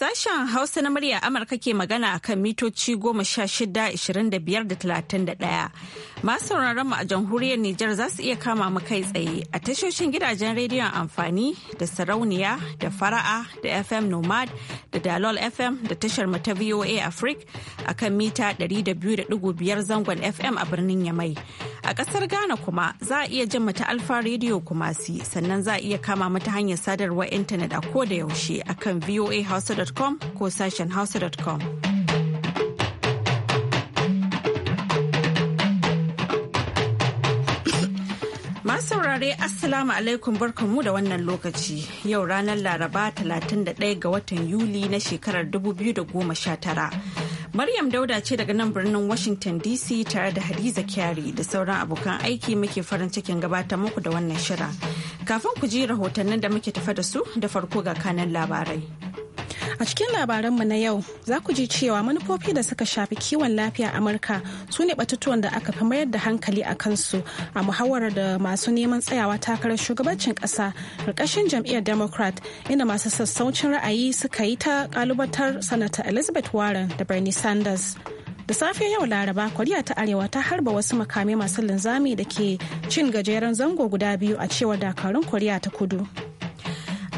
Sashen Hausa na murya Amurka ke magana a kan mitoci goma sha shida ishirin da biyar da talatin da ɗaya. Masu mu a jamhuriyar Nijar za su iya kama mu kai tsaye a tashoshin gidajen rediyon amfani da sarauniya da fara'a da FM Nomad da Dalol FM da tashar mu ta VOA Africa a kan mita 200.5 zangon FM a birnin Yamai. A ƙasar Ghana kuma za a iya jin mata Alfa Radio Kumasi sannan za a iya kama mata hanyar sadarwar intanet a ko da yaushe a kan Hausa hausa.com ko sashen hausa.com. Masu saurare Assalamu alaikum barkanmu da wannan lokaci yau ranar Laraba 31 ga watan Yuli na shekarar 2019. Maryam Dauda ce daga nan birnin Washington DC tare da Hadiza Kyari da sauran abokan aiki muke farin cikin gabatar muku da wannan shirin. Kafin ku ji rahotannin da muke tafa da su da farko ga kanan labarai. A cikin labaranmu na yau za ku ji cewa manufofi da suka shafi kiwon lafiya Amurka su ne batutuwan da aka fi mayar da hankali a kansu a muhawarar da masu neman tsayawa takarar shugabancin ƙasa ƙarƙashin jam'iyyar Democrat inda masu sassaucin ra'ayi suka yi ta ƙalubatar Sanata Elizabeth Warren da Bernie Sanders. da safe yau laraba koriya ta arewa ta harba wasu makamai masu linzami da ke cin gajeren zango guda biyu a cewar dakarun koriya ta kudu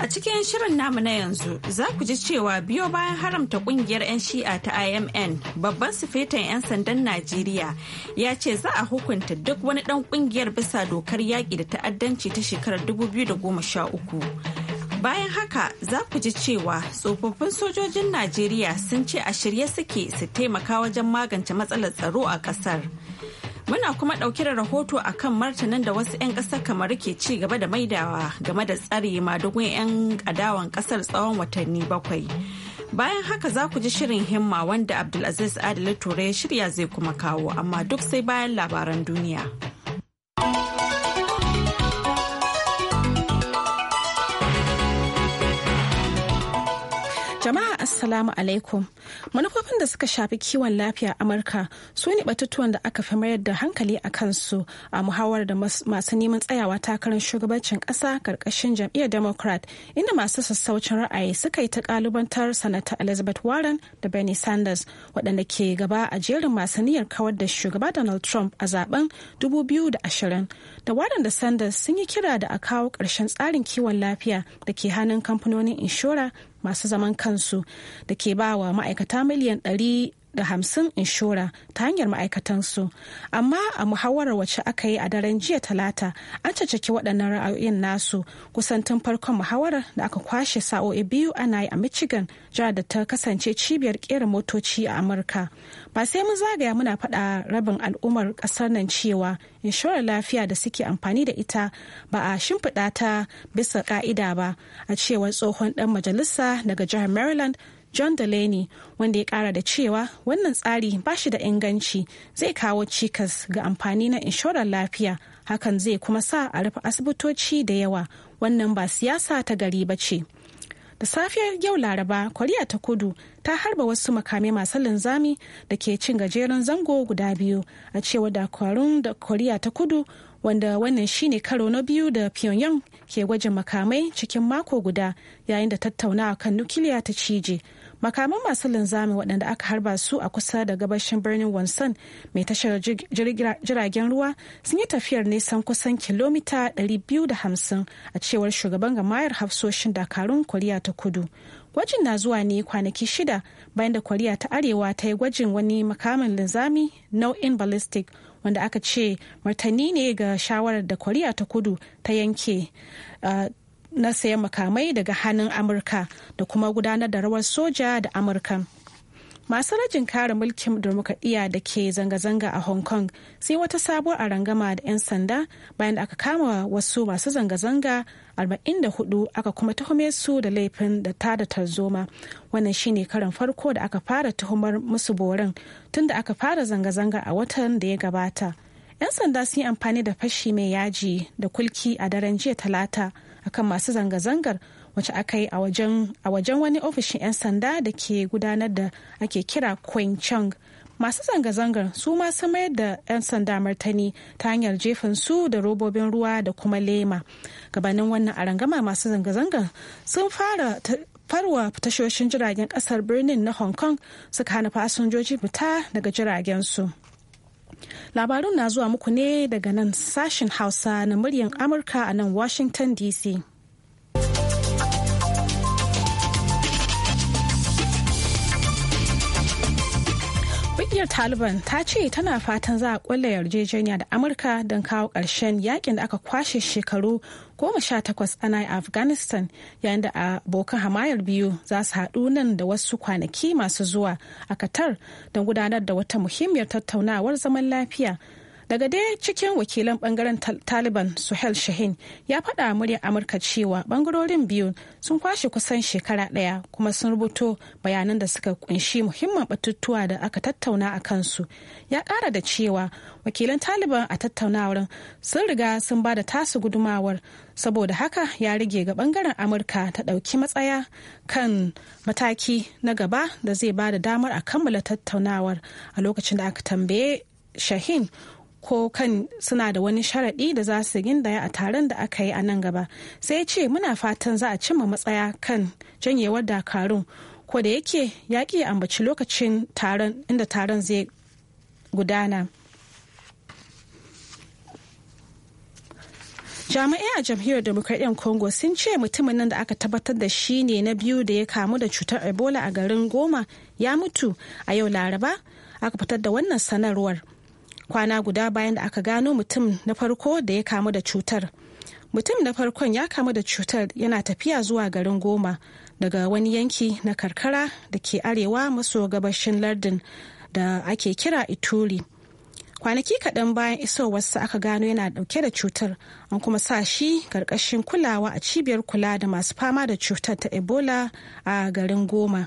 A cikin shirin namu na yanzu za ku ji cewa biyo bayan haramta kungiyar 'yan shi'a ta IMN babban sufetan 'yan sandan Najeriya ya ce za a hukunta duk wani dan kungiyar bisa dokar yaƙi da ta'addanci ta shekarar 2013. Bayan haka za ku ji cewa tsofaffin sojojin Najeriya sun ce a shirye suke su taimaka wajen magance matsalar tsaro a ƙasar. Muna kuma ɗauke da rahoto a kan martanin da wasu 'yan ƙasar kamar ke ci gaba da maidawa game da tsare madugun 'yan adawan ƙasar tsawon watanni bakwai. Bayan haka za ku ji shirin himma wanda Abdulaziz Adili Ture ya shirya zai kuma kawo amma duk sai bayan labaran duniya. Assalamu alaikum. Manufofin da suka shafi kiwon lafiya Amurka su ne batutuwan da aka fi mayar da hankali a kansu a muhawar da masu neman tsayawa takarar shugabancin ƙasa karkashin jam'iyyar Democrat inda masu sassaucin ra'ayi suka yi ta kalubantar sanata Elizabeth Warren da Bernie Sanders waɗanda ke gaba a jerin masu niyyar kawar da shugaba Donald Trump a zaben 2020. Da Warren da Sanders sun yi kira da a kawo ƙarshen tsarin kiwon lafiya da ke hannun kamfanonin inshora masu zaman kansu da ke bawa ma'aikata miliyan ɗari da hamsin inshora ta hanyar ma'aikatansu amma a muhawarar wacce aka yi a daren jiya talata an caccaki waɗannan ra'ayoyin nasu kusan tun farkon muhawarar da aka kwashe sa'o'i biyu ana yi a michigan jihar da ta kasance cibiyar kera motoci a amurka ba sai mun zagaya muna faɗa rabin al'ummar ƙasar nan cewa inshorar lafiya da suke amfani da ita ba a shimfiɗa ta bisa ka'ida ba a cewar tsohon ɗan majalisa daga jihar maryland john delaney wanda ya kara da cewa wannan tsari ba shi da inganci zai kawo cikas ga amfani na inshorar lafiya hakan zai kuma sa a rufe asibitoci da yawa wannan ba siyasa ta gari ba ce da safiyar yau laraba koriya ta kudu ta harba wasu makamai masu linzami da ke cin gajeren zango guda biyu a cewa dakarun da koriya ta kudu wanda wannan shine karo na biyu da pyongyang ke gwajin makamai cikin mako guda yayin da tattauna kan nukiliya ta cije makaman masu linzami waɗanda aka harba su a kusa da gabashin birnin wonsan mai tashar jiragen ruwa sun yi tafiyar nisan kusan kilomita 250 a cewar shugaban gamayar hafsoshin dakarun koriya ta kudu gwajin na zuwa ne kwanaki shida bayan da koriya ta arewa ta yi gwajin wani makamin linzami nau'in ballistic wanda aka ce martani ne ga shawarar da koriya ta kudu ta yanke uh, na sayan makamai daga hannun amurka da kuma gudanar da rawar soja da amurka masu rajin kare mulkin demokradiyya da ke zanga-zanga a hong kong sai wata sabuwar arangama da 'yan sanda bayan da aka kama wasu masu zanga-zanga 44 aka kuma tuhume su da laifin da ta da tarzoma wannan shine karin farko da aka fara tuhumar musu borin tun da aka fara zanga-zanga a watan da ya gabata 'yan sanda sun yi amfani da fashi mai yaji da kulki a daren jiya talata akan masu zanga-zangar wacce aka yi a wajen wani ofishin 'yan sanda da ke gudanar da ake kira Chang. masu zanga-zangar su ma mayar da 'yan sanda martani ta hanyar jefin su da robobin ruwa da kuma lema gabanin wannan arangama masu zanga-zangar sun fara farwa tashoshin jiragen kasar birnin na hong kong suka hana fasinjoji fita daga jiragen su Labarun na zuwa muku ne daga nan sashen Hausa na muryar Amurka a nan Washington DC. Ƙungiyar Taliban ta ce tana fatan za a ƙulla yarjejeniya da Amurka don kawo ƙarshen yakin da aka kwashe shekaru goma sha takwas ana yi afghanistan yayin da abokan hamayar biyu za su haɗu nan da wasu kwanaki masu zuwa a katar don gudanar da wata muhimmiyar tattaunawar zaman lafiya daga dai cikin wakilan bangaren taliban suhel shahin ya faɗa muryar amurka cewa bangarorin biyu sun kwashe kusan shekara ɗaya kuma sun rubuto bayanan da suka kunshi muhimman batutuwa da aka tattauna a kansu ya kara da cewa wakilan taliban a tattaunawar sun riga sun ba da tasu gudumawar saboda haka ya rage ga bangaren amurka ta ɗauki matsaya kan mataki na gaba da zai ba da damar a kammala tattaunawar a lokacin da aka tambaye shahin ko kan suna da wani sharaɗi da za su gindaya a taron da aka yi a nan gaba sai ce muna fatan za a cimma matsaya kan janyewar dakarun ko da yake ya ambaci lokacin taron inda taron zai gudana jami'ai a jamhuriyar demokradiyyar congo sun ce mutumin nan da aka tabbatar da shi ne na biyu da ya kamu da cutar ebola a garin goma ya mutu a yau laraba aka fitar da wannan sanarwar kwana guda bayan da aka gano mutum na farko da ya kamu da cutar mutum na farkon ya kamu da cutar yana tafiya zuwa garin goma daga wani yanki na karkara da ke arewa maso gabashin lardin da ake kira ituri kwanaki kaɗan bayan isowarsa aka gano yana ɗauke da cutar an kuma sa shi ƙarƙashin kulawa a cibiyar kula da masu fama da cutar ta ebola a garin goma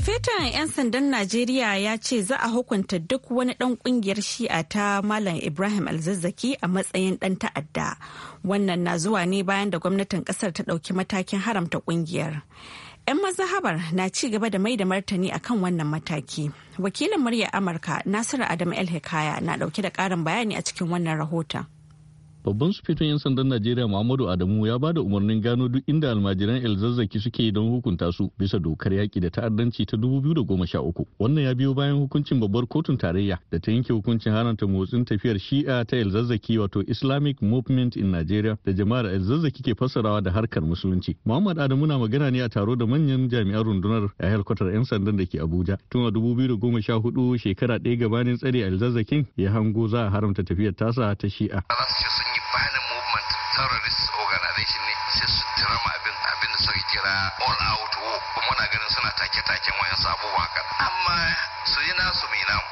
Sufetan 'yan sandan Najeriya ya ce za a hukunta duk wani ɗan ƙungiyar shi'a ta Malam Ibrahim Alzazzaki a matsayin ɗan ta'adda. Wannan na zuwa ne bayan da gwamnatin ƙasar ta ɗauki matakin haramta ƙungiyar. 'Yan mazahabar na ci gaba da mai da martani akan wannan mataki. Wakilin murya Amurka Nasiru Adam El hekaya na ɗauke da ƙarin bayani a cikin wannan rahoton. babban sufetun 'yan sandan najeriya muhammadu adamu ya ba da umarnin gano duk inda almajiran elzazzaki suke don hukunta su bisa dokar yaƙi da ta'addanci ta sha 2013 wannan ya biyo bayan hukuncin babbar kotun tarayya da ta yanke hukuncin haramta motsin tafiyar shi'a ta elzazzaki wato islamic movement in nigeria da jama'ar elzazzaki ke fassarawa da harkar musulunci muhammad adamu na magana ne a taro da manyan jami'an rundunar a helkwatar 'yan sandan da ke abuja tun a hudu shekara ɗaya gabanin tsare elzazzakin ya hango za a haramta tafiyar tasa ta shi'a. government terrorist organization ne sai su tirama abin abin da suka kira all out war kuma na ganin suna take-taken wayan sabuwa kan amma su yi nasu mai namu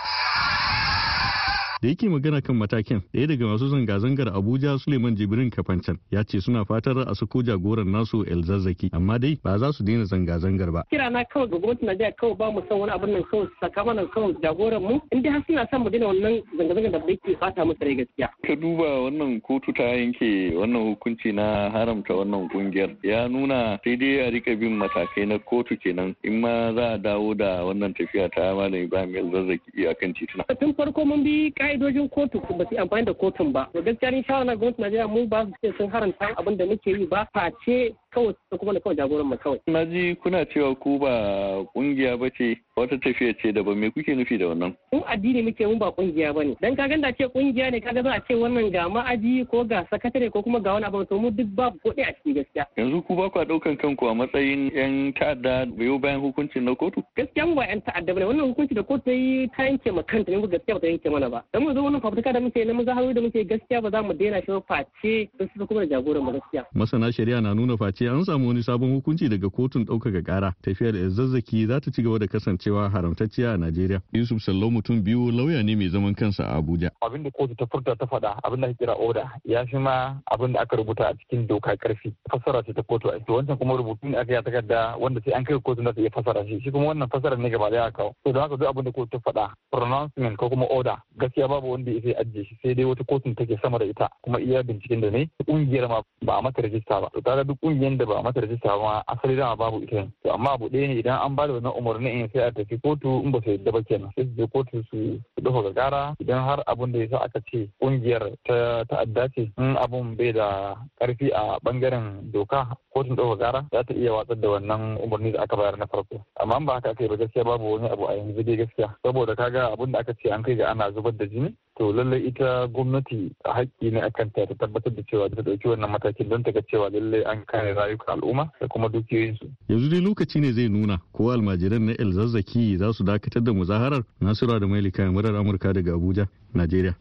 da yake magana kan matakin ɗaya daga masu zanga-zangar abuja suleiman jibrin kafancan ya ce suna fatar a sako jagoran nasu elzazzaki amma dai ba za su daina zanga-zangar ba kira na kawai ga gwamnatin najeriya kawai ba mu san wani abin nan kawai saka kawai jagoran mu in dai har suna son mu daina wannan zanga-zangar da bai fata musu rai gaskiya ka duba wannan kotu ta yanke wannan hukunci na haramta wannan kungiyar ya nuna sai dai a rika bin matakai na kotu kenan in ma za a dawo da wannan tafiya ta malam ibrahim a kan tituna tun farko mun bi ka'idojin kotu ba su amfani da kotun ba to gaskiya ni na gwamnati Najeriya mu ba su ce sun haranta abin da muke yi ba face kawai kuma na kawai jagoran mu kawai. Na ji kuna cewa ku ba kungiya ba ce wata tafiya ce daban me kuke nufi da wannan? Mu addini muke mun ba kungiya ba ne. Dan ka ganda ce kungiya ne kaga za a ce wannan ga ma'aji ko ga sakatare ko kuma ga wani abu to mu duk babu ko a cikin gaskiya. Yanzu ku ba ku daukan kanku a matsayin yan ta'adda biyo bayan hukuncin na kotu? Gaskiya mu ba yan ta'adda ba ne wannan hukunci da kotu ta yi ta yanke ma kanta ne gaskiya ba ta yanke mana ba. Dan mu zo wannan fafutuka da muke na mu zaharu da muke gaskiya ba za mu daina shi face sun kuma da jagoran mu gaskiya. Masana shari'a na nuna face ce an samu wani sabon hukunci daga kotun ɗaukaka ƙara tafiyar zazzaki za ta ci gaba da kasancewa haramtacciya a Najeriya. Yusuf Sallau mutum biyu lauya ne mai zaman kansa a Abuja. Abin da kotu ta furta ta faɗa abin da ake kira oda ya fi ma abin da aka rubuta a cikin doka karfi fassara ce ta kotu ai. To wancan kuma rubutu ne aka yi a takarda wanda sai an kai kotu na ta iya fassara shi shi kuma wannan fassara ne gaba daya kawo. To don haka duk abin da kotu ta faɗa pronouncement ko kuma oda gaskiya babu wanda ya sai ajiye shi sai dai wata kotun take sama da ita kuma iya binciken da ne ƙungiyar ma ba a mata rajista ba. To kaga duk ƙungiyar da ba a mata rajista ba asali dama babu ita to amma abu ɗaya ne idan an ba da wannan umarnin in sai a tafi kotu in ba su yadda ba kenan sai su je kotu su dafa ga gara idan har abun da ya sa aka ce kungiyar ta ta'adda ce in abun bai da ƙarfi a bangaren doka kotun dafa gara za ta iya watsar da wannan umarni da aka bayar na farko amma ba haka aka yi ba gaskiya babu wani abu a yanzu dai gaskiya saboda kaga abun da aka ce an kai ga ana zubar da jini to lallai ita gwamnati haƙƙi ne a kanta ta tabbatar da cewa ta ɗauki wannan matakin don ta ga cewa lallai an kare rayukan al'umma da kuma dukiyoyinsu. yanzu dai lokaci ne zai nuna ko almajiran na el zazzaki za su dakatar da muzaharar nasura da mailika murar amurka daga abuja najeriya.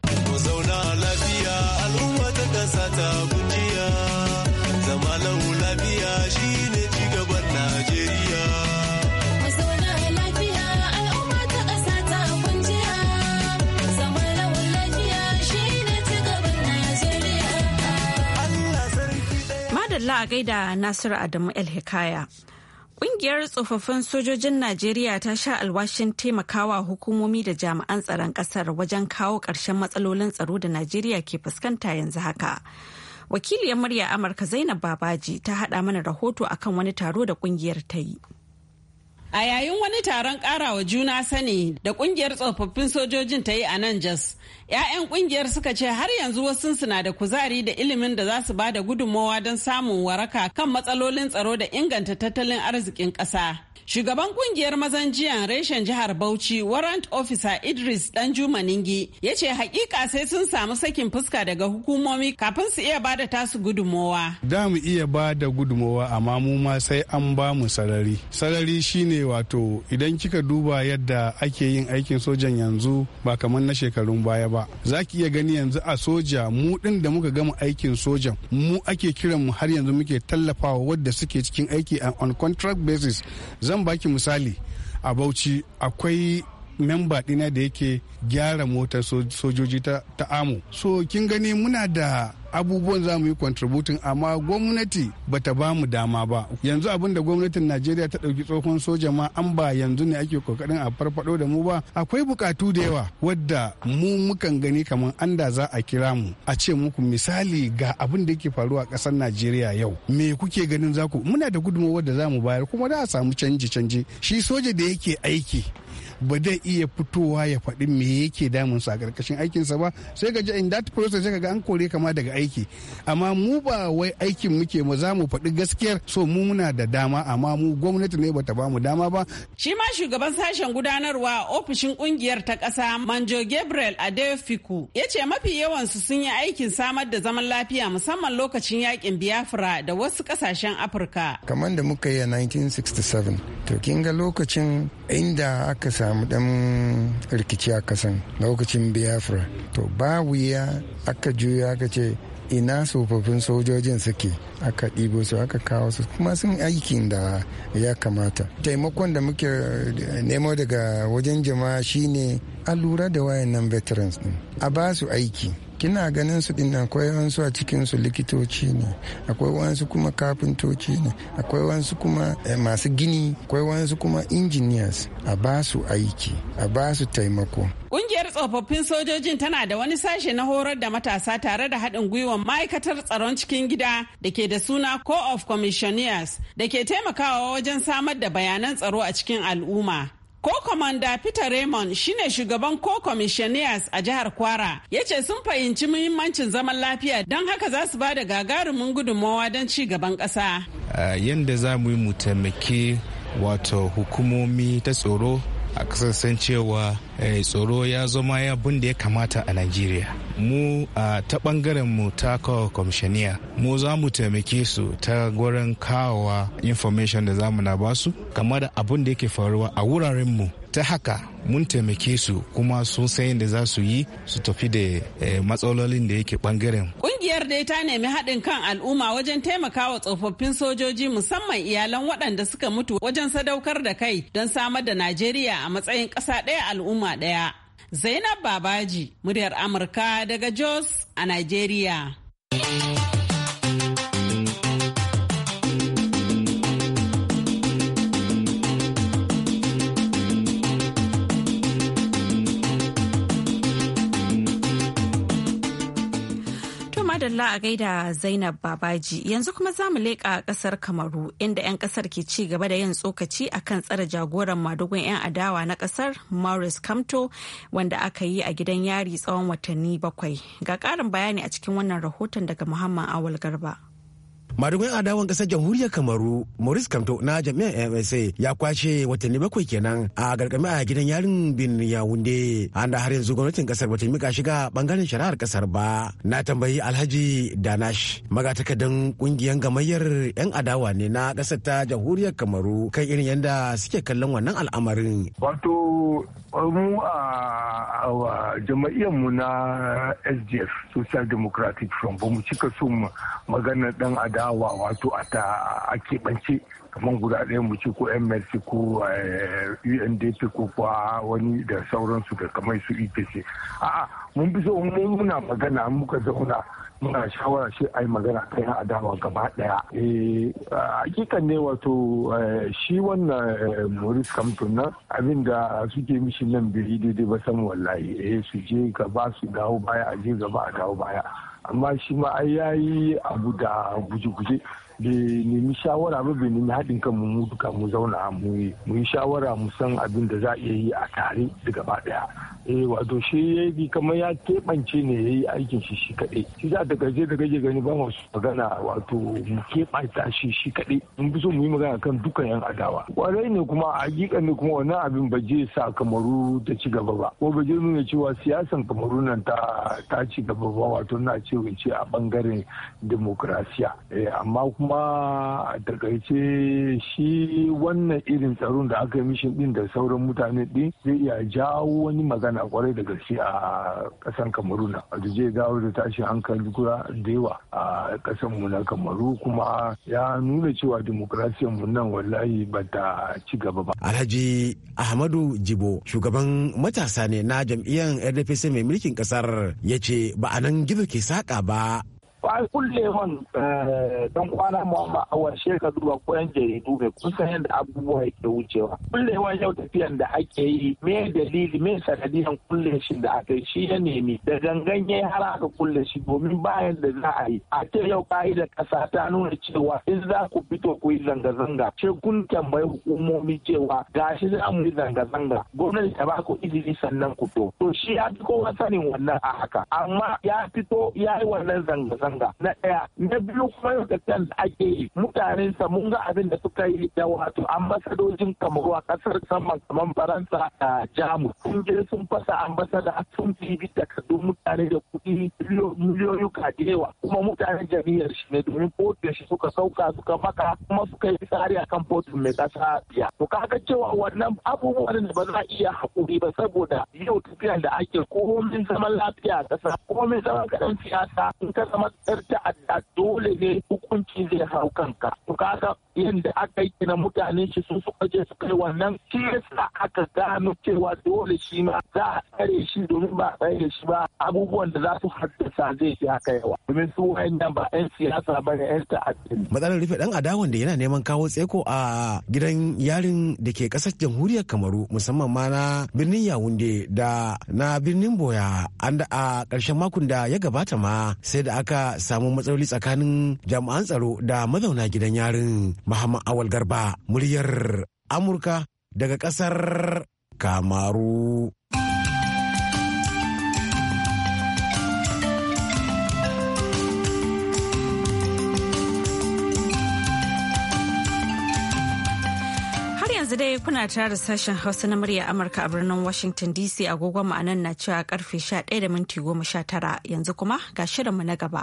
Madalla a gaida Nasiru Adamu El Hikaya. Kungiyar tsofaffin sojojin Najeriya ta sha alwashin taimakawa hukumomi da jami'an tsaron kasar wajen kawo ƙarshen matsalolin tsaro da Najeriya ke fuskanta yanzu haka. Wakiliyar murya Amurka Zainab Babaji ta haɗa mana rahoto akan wani taro da kungiyar ta yi. A yayin wani taron ƙarawa juna sani da kungiyar tsofaffin sojojin ta yi a nan Jos, 'Ya'yan kungiyar suka ce har yanzu wasu suna da kuzari da ilimin da za su ba da gudunmowa don samun waraka kan matsalolin tsaro da inganta tattalin arzikin ƙasa. Shugaban kungiyar mazan jiyan reshen jihar Bauchi Warrant Officer Idris Danjuma Ningi ya ce hakika sai sun samu sakin fuska daga hukumomi kafin su iya bada tasu gudumowa. Da mu iya ba da gudumowa amma mu ma sai an ba mu sarari. Sarari shine wato idan kika duba yadda ake yin aikin sojan yanzu ba kamar na shekarun baya ba. ba za ki iya gani yanzu a soja mu din da muka gama aikin sojan mu ake kiran mu har yanzu muke tallafawa wadda suke cikin aiki a on contract basis zan baki misali a bauchi akwai memba dina da yake gyara motar sojoji ta, ta amo so kin gani muna da abubuwan za mu yi kwantributin amma gwamnati ba ta bamu dama ba yanzu abin da gwamnatin najeriya ta ɗauki tsohon soja ma an ba yanzu ne ake kokarin a farfado da mu ba akwai bukatu da yawa wadda mu mukan gani kamar an da za a kira mu a ce muku misali ga abin da yake faruwa a ƙasar najeriya yau me kuke ganin za ku muna da gudunmawar da za mu bayar kuma za a samu canji canji shi soja da yake aiki ba zai iya fitowa ya faɗi me yake damun sa a ƙarƙashin aikinsa ba sai gaji in that process sai ga an kore kama daga aiki amma mu ba wai aikin muke mu za mu faɗi gaskiyar so mu muna da dama amma mu gwamnati ne bata ba mu dama ba. Shi ma shugaban sashen gudanarwa ofishin kungiyar ta ƙasa Manjo Gabriel Adefiku ya ce mafi yawan su sun yi aikin samar da zaman lafiya musamman lokacin yakin Biafra da wasu ƙasashen Afirka. Kamar da muka yi a 1967 to kin lokacin inda aka sa samu dan rikici a kasan lokacin biafra to ba wuya aka juya aka ce ina tsofaffin sojojin suke aka ɗibo su aka kawo su kuma sun aikin da ya kamata taimakon da muke nemo daga wajen jama'a shine a lura da wayannan veterans din a ba su aiki kina ganin su din akwai wasu a cikin likitoci ne akwai wasu kuma kafintoci ne akwai wasu kuma eh, masu gini akwai wasu kuma engineers a ba su aiki a ba su taimako kungiyar tsofaffin sojojin tana da wani sashe na horar da matasa tare da haɗin gwiwar ma'aikatar tsaron cikin gida da ke da suna Co of Commissioners da ke taimakawa wajen samar da bayanan tsaro a cikin al'umma. Ko Komanda Peter Raymond shine shugaban ko commissioners a jihar Kwara ya ce sun fahimci muhimmancin zaman lafiya don haka za su ba da gagarumin gudunmawa don ci gaban ƙasa. yadda za mu yi mu wato hukumomi ta tsoro a kasan cewa eh, tsoro ya zama ya da ya kamata a Najeriya. Mu a ta bangaren mu ta kawo kwamishaniya mu za mu taimake su ta gurin kawowa information da zamu na basu game da abin da yake faruwa a wuraren mu ta haka mun taimake su kuma sun san yadda za su yi su tafi da eh, matsalolin da yake bangaren. Kungiyar dai ta nemi haɗin kan al'umma wajen taimakawa tsofaffin sojoji musamman iyalan waɗanda suka mutu wajen sadaukar da kai don samar da Najeriya a matsayin ƙasa ɗaya al'umma ɗaya. Zainab Babaji, muryar Amurka daga Jos a Najeriya. Madalla a gaida Zainab Babaji yanzu kuma za mu leƙa ƙasar Kamaru inda 'yan ƙasar ke ci gaba da yin tsokaci a kan tsare jagoran madugun 'yan adawa na ƙasar Maurice Kamto wanda aka yi a gidan yari tsawon watanni bakwai. Ga ƙarin bayani a cikin wannan rahoton daga Muhammad Awal Garba. madugun adawan kasar jamhuriyar kamaru maurice kamto na jami'ar msa ya kwashe watanni bakwai kenan a gargami a gidan yarin bin yawunde an da har yanzu gwamnatin kasar bata mika shiga bangaren shari'ar kasar ba na tambayi alhaji danash magatakadan kungiyar gamayyar yan adawa ne na kasar ta jamhuriyar kamaru kan irin yanda suke kallon wannan al'amarin wato mu a jama'iyyar mu na sdf social democratic front ba mu cika son maganar dan adawa wa wato a ta a keɓance kamar ɗaya mu ci ko mrc ko eh, undp ko kuwa wani da sauransu da kamar su epc a'a mun bi so muna magana muka zauna muna shawara shi ai magana kai a adawa gaba ɗaya. eh hakikan ne wato eh, shi wannan eh, maurice kamton nan abin da suke mishi nan biri daidai ba san wallahi su je gaba su dawo baya a je gaba a dawo baya amma shi ma ai yayi abu da guje-guje bai nemi shawara ba bai nemi haɗin kan mu duka mu zauna mu yi mu yi shawara mu san abin da za a yi a tare da gaba daya eh wato shi ya kamar ya keɓance ne ya yi aikin shi shi kaɗai shi za ta gaje da gaje gani ba masu magana wato mu keɓanta shi shi kaɗai mun fi so mu yi magana kan dukkan yan adawa kwarai ne kuma a hakika ne kuma wannan abin ba je sa kamaru ta ci gaba ba ko ba je nuna cewa siyasan kamaru nan ta ta ci gaba ba wato na ce ce a bangaren demokrasiya eh, amma kuma kuma a takaice shi wannan irin tsaron da aka yi mishin din da sauran mutane din zai iya jawo wani magana kwarai da gaske a kasan kamaruna a duje dawo da tashin hankali kura da yawa a kasan mu na kamaru kuma ya nuna cewa demokrasiyan mu nan wallahi ba ta ci gaba ba alhaji ahmadu jibo shugaban matasa ne na jam'iyyar rdpc mai mulkin kasar ya ce ba a nan gizo ke saka ba ba kulle man eh, dan kwana muhammad awar sheka zuwa ko yan jaridu mai kun san yadda abubuwa yake wucewa kulle man yau tafiyan da ake yi me dalili me sanadiyan kulle shi da aka yi shi ya nemi da gangan ya har aka kulle shi domin bayan da za a yi a ce yau da kasa ta nuna cewa in za ku fito ku yi zanga-zanga ce kun tambayi hukumomi cewa gashi za mu yi zanga-zanga gwamnati ta ba ku izini sannan ku to to shi ya fi kowa sanin wannan a haka amma ya fito ya yi wannan zanga-zanga katanga na ɗaya na biyu kuma yau da ake yi mutanen sa mun ga abin da suka yi da wato ambasadojin kamaru a kasar saman kamar faransa da jamus sun je sun fasa ambasada sun bibi takardu mutane da kuɗi miliyoyuka da yawa kuma mutanen jami'ar shi ne domin kotun shi suka sauka suka maka kuma suka yi tsari kan kotun mai kasa biya to kaga cewa wannan abubuwan da ba za iya haƙuri ba saboda yau tafiya da ake komin zaman lafiya a ƙasa komin zaman kaɗan siyasa in ka zama yar ta'adda dole ne hukunci zai hau kanka to kaga yadda aka yi na mutanen shi sun suka je su yi wannan shi yasa aka gano cewa dole shi ma za a tsare shi domin ba a tsare shi ba abubuwan da za su haddasa zai fi haka yawa domin su wayannan ba yan siyasa ba ne yan ta'adda matsalar rufe dan adawan da yana neman kawo tseko a gidan yarin da ke kasar jamhuriyar kamaru musamman ma na birnin yawunde da na birnin boya a ƙarshen makon da ya gabata ma sai da aka samun matsaloli tsakanin jami'an tsaro da mazauna gidan yarin Muhammad Awal Garba muryar Amurka daga kasar Kamaru. yanzu dai kuna tare da sashen hausa na murya amurka a birnin washington dc agogon ma'anan na cewa karfe 11 da minti yanzu kuma ga shirinmu na gaba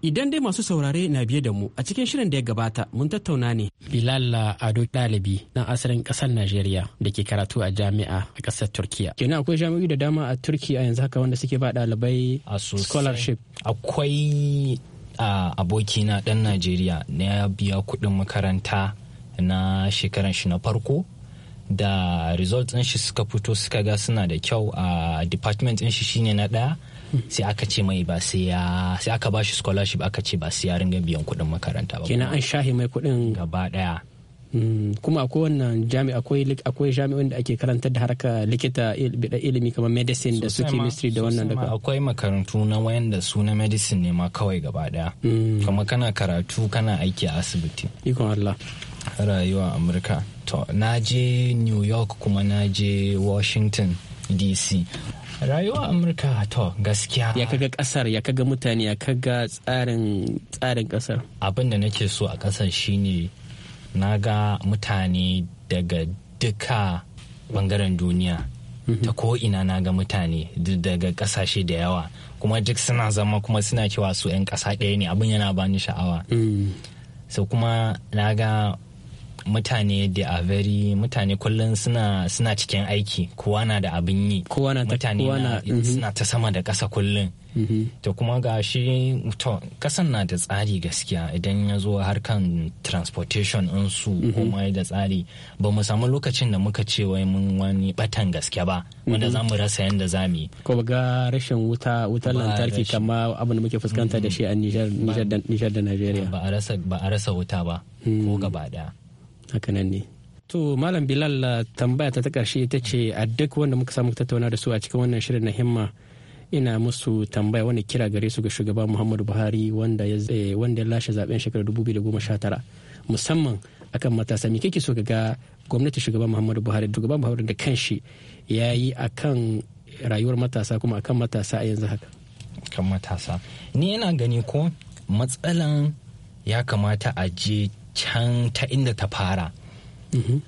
Idan dai masu saurare na biye da mu a cikin shirin da ya gabata mun tattauna ne. Bilal Ado dalibi na asalin kasar Najeriya da ke karatu a jami'a a ƙasar Turkiya. Kenan akwai jami'o'i da dama a Turkiya yanzu haka wanda suke ba ɗalibai scholarship. Akwai abokina ɗan Najeriya na biya kuɗin makaranta na shekaran shi na farko da results ɗin shi suka fito suka ga suna da kyau a department ɗin shi shine na ɗaya sai aka ce mai ba sai ya sai aka bashi scholarship aka ce ba sai ya ringa biyan kuɗin makaranta ba kenan an shahe mai kuɗin gaba daya hmm, kuma akwai wannan jami'a akwai jami'in da ake karantar da harka likita bida ilimi kamar medicine da su chemistry da wannan daga akwai makarantu na wayanda su na medicine ne ma kawai gaba daya hmm. kuma kana karatu kana aiki a asibiti ikon Allah rayuwa amurka to na je new york kuma na je washington dc rayuwa amurka to gaskiya ya kaga kasar ya kaga mutane ya kaga tsarin tsarin kasar abin da nake so a kasar shine na ga mutane daga duka bangaren duniya mhm. ta ko ina na ga mutane daga kasashe da yawa kuma duk suna zama kuma suna cewa su 'yan kasa ɗaya ne abin yana bani sha'awa mm. so kuma na ga mutane da a very mutane kullum suna suna cikin aiki kowa na da abin yi kowa na mutane mhm. suna ta sama da ƙasa kullum mhm. to kuma ga shi to kasan na da tsari gaskiya idan ya zo harkan transportation in su mhm. kuma da tsari ba mu samu lokacin da muka ce wai mun wani batan gaskiya ba wanda za mu rasa yadda za mu yi ko ga rashin wuta wutar lantarki kama abin da muke fuskanta da shi a Nijar da Najeriya ba a rasa wuta ba ko gaba daya nan ne to malam bilal tambaya ta ta karshe ita ce a duk wanda muka samu tattauna da su a cikin wannan shirin na himma ina musu tambaya wani kira gare su ga shugaba muhammadu buhari wanda ya wanda ya lashe zaben shekarar 2019 musamman akan matasa me kake so ga gwamnati shugaban muhammadu buhari shugaba buhari da kanshi ya yi akan rayuwar matasa kuma akan matasa a yanzu haka kan matasa ni ina gani ko matsalan ya kamata a je can ta inda ta fara mm-hmm.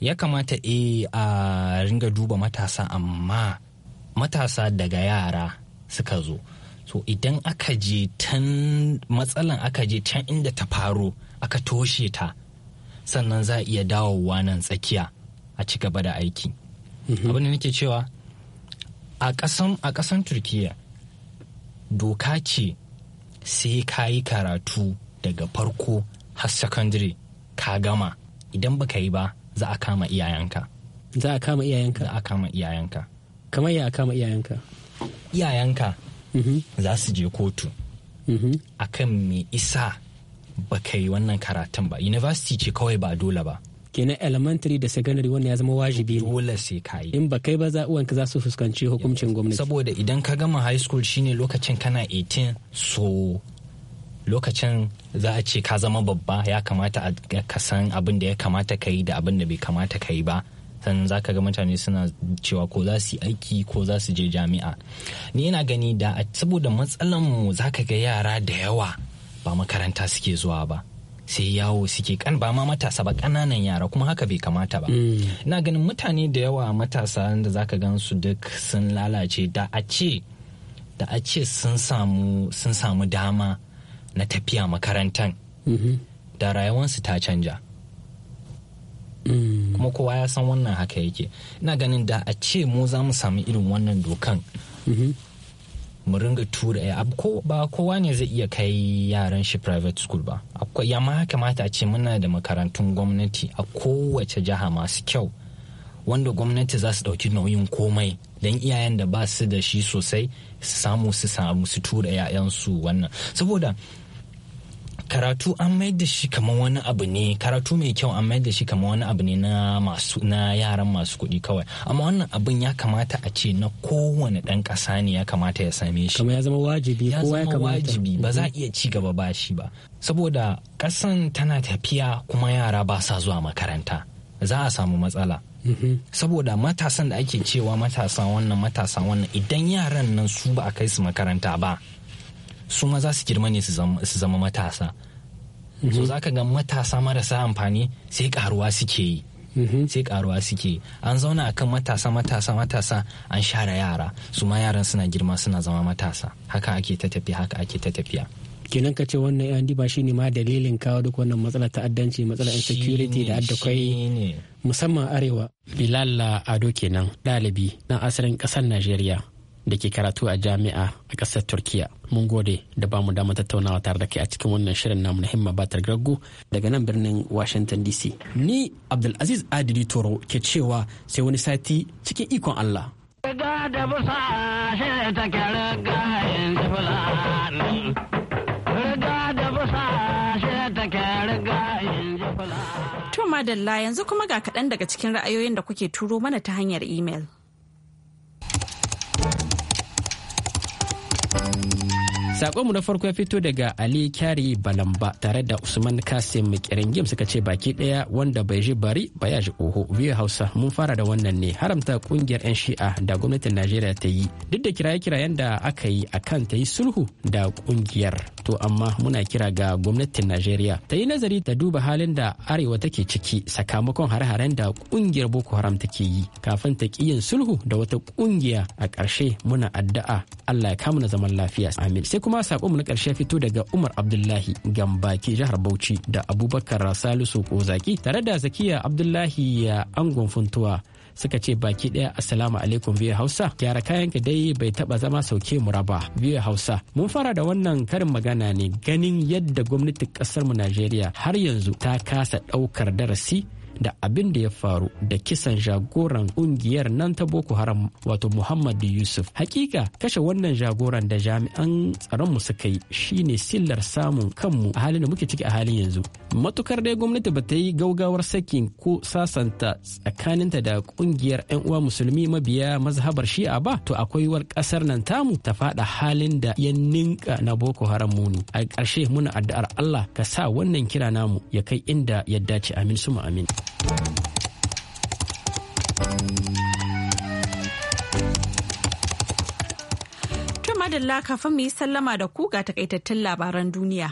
ya kamata e a ringa duba matasa amma matasa daga yara suka zo so idan aka je tan matsalan aka je can inda ta faro aka toshe ta sannan za a iya dawowa nan tsakiya a ci gaba da aiki mm-hmm. abin da nake cewa a ƙasan Turkiyya, doka ce sai ka yi karatu daga farko har secondary ka gama idan baka yi ba za a kama iyayenka za a kama iyayenka za a kama iyayenka kamar ya kama iyayenka iyayenka mm-hmm. za su je kotu mm-hmm. akan me isa baka yi wannan karatun ba university ce kawai ba dole ba kenan elementary da secondary wannan ya zama wajibi dole sai ka yi in ba za ba uwanka za su fuskanci hukuncin gwamnati saboda idan ka gama high school shine lokacin kana 18 so lokacin za a ce ka zama babba ya kamata ka san abin da ya kamata ka yi da abin da bai kamata ka yi ba san za ka ga mutane suna cewa ko za su yi aiki ko za su je jami'a ni yana gani da saboda mu za ka ga yara da yawa ba makaranta suke zuwa ba sai yawo suke kan ba ma matasa ba ƙananan yara kuma haka bai kamata ba mm. ina ganin mutane da yawa matasa da ka gan su duk sun lalace da a ce sun samu dama na tafiya makarantan mhm. da rayuwarsu ta canja mm. kuma kowa ya san wannan haka yake ina ganin da a ce mu za mu samu irin wannan dokan mhm. mu ringa tura ya eh, ba kowa ne zai iya kai yaran shi private school ba akwai ya ma kamata a ce muna da makarantun gwamnati a kowace jiha masu kyau wanda gwamnati za su ɗauki nauyin komai don iyayen da ba su da shi sosai samu su samu su tura 'ya'yansu wannan saboda karatu an mai da shi kamar wani abu ne karatu mai kyau an mai da shi kamar wani abu ne na masu na yaran masu kuɗi kawai amma wannan abin ya kamata a ce na kowane ɗan ƙasa ne ya kamata ya same shi kamar ya zama wajibi kowa ya kamata wajibi ba za a mm-hmm. iya ci gaba ba shi ba saboda ƙasan tana tafiya kuma yara ba sa zuwa makaranta za a samu matsala mm-hmm. saboda matasan da ake cewa matasa wannan matasa wannan idan yaran nan su ba a kai su makaranta ba su ma za su girma ne su zama matasa so mhm. za ka ga matasa marasa amfani sai karuwa suke yi mhm. sai karuwa suke an zauna akan matasa matasa matasa an share yara su ma yaran suna girma suna zama matasa haka ake ta tafiya haka ake ta tafiya kenan ka ce wannan yan diba shine ma dalilin kawo duk wannan matsalar ta'addanci matsalar insecurity da addakwai musamman arewa bilal ado kenan ɗalibi na asirin ƙasar najeriya da ke karatu a jami'a a ƙasar turkiya mun gode da bamu dama tattaunawa tare da kai a cikin wannan shirin namu na himma batar gargu daga nan birnin washington dc ni abdulaziz adidi toro ke cewa sai wani sati cikin ikon allah To madalla yanzu kuma ga kaɗan daga cikin ra'ayoyin da kuke turo mana ta hanyar imel. Sakonmu na farko ya fito daga Ali Kyari Balamba tare da Usman Kasim Kiringim suka ce baki ɗaya wanda bai ji bari ba ya ji oho biyu Hausa mun fara da wannan ne haramta kungiyar 'yan shi'a da gwamnatin Najeriya ta yi duk da kiraye-kirayen da aka yi a kan ta yi sulhu da kungiyar to amma muna kira ga gwamnatin Najeriya ta yi nazari ta duba halin da arewa take ciki sakamakon hare haren da kungiyar Boko Haram take yi kafin ta yin sulhu da wata kungiya a ƙarshe muna addu'a Allah ya kamu na zaman lafiya amin sai kuma ma sakonmu na ƙarshe fito daga Umar Abdullahi Gambaki jihar Bauchi da Abubakar Salisu Kozaki tare da Zakiya Abdullahi ya angon funtuwa suka ce baki daya assalamu alaikum biyu hausa gyara kayanka dai bai taba zama sauke mu raba biyu hausa mun fara da wannan karin magana ne ganin yadda gwamnatin kasar mu najeriya har yanzu ta kasa daukar darasi da abin da ya faru da kisan jagoran kungiyar nan ta boko haram wato muhammad yusuf hakika kashe wannan jagoran da jami'an tsaron mu suka yi shine sillar samun kanmu a halin da muke ciki a halin yanzu matukar dai gwamnati ba ta yi gaugawar sakin ko sasanta tsakaninta da kungiyar 'yan uwa musulmi mabiya mazhabar shi'a ba to akwai war kasar nan tamu ta fada halin da ya ninka na boko haram muni a ƙarshe muna addu'ar allah ka sa wannan kira namu ya kai inda ya dace amin suma amin madalla kafin mu yi sallama da ku ga takaitattun labaran duniya.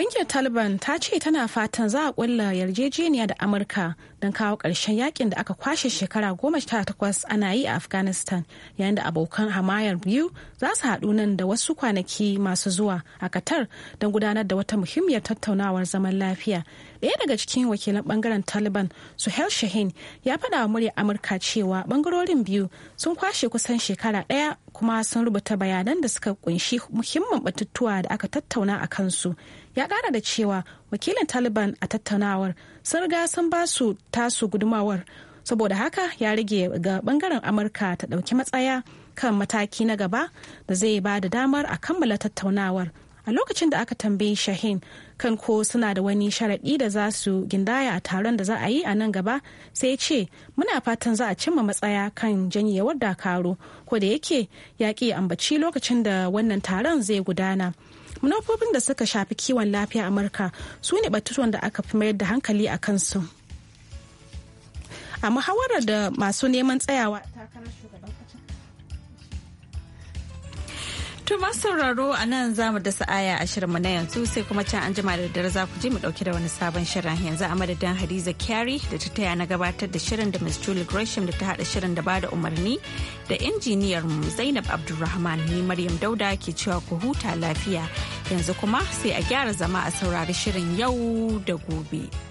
Ƙungiyar Taliban ta ce tana fatan za a kulla yarjejeniya da Amurka don kawo ƙarshen yakin da aka kwashe shekara goma sha takwas ana yi a Afghanistan yayin da abokan hamayar biyu za su haɗu nan da wasu kwanaki masu zuwa a Qatar don gudanar da wata muhimmiyar tattaunawar zaman lafiya. Ɗaya daga cikin wakilan ɓangaren Taliban Suhail Shahin ya faɗa wa muryar Amurka cewa ɓangarorin biyu sun kwashe kusan shekara ɗaya kuma sun rubuta bayanan da suka kunshi muhimman batutuwa da aka tattauna a kansu. ya kara da cewa wakilin taliban a tattaunawar sun riga sun ba su tasu gudumawar saboda haka ya rage ga bangaren amurka ta ɗauki matsaya kan mataki na gaba da zai ba da damar a kammala tattaunawar a lokacin da aka tambayi shahin kan ko suna da wani sharaɗi da za su gindaya a taron da za a yi a nan gaba sai ce muna fatan za a cimma matsaya kan janyewar dakaro ko da yake yaƙi ambaci lokacin da wannan taron zai gudana manufofin da suka shafi kiwon lafiya amurka su ne batutuwan da aka fi mayar da hankali a kansu a muhawarar da masu neman tsayawa takarar To masu sauraro a nan za mu dasa aya a shirinmu na yanzu sai kuma can an jima da daddare za ku je mu dauke da wani sabon shirin yanzu a madadin Hadiza Kyari da ta taya na gabatar da shirin da Ms. Julie Gresham da ta hada shirin da bada umarni da injiniyar mu Zainab Abdulrahman ni Maryam Dauda ke cewa ku huta lafiya yanzu kuma sai a gyara zama a saurari shirin yau da gobe.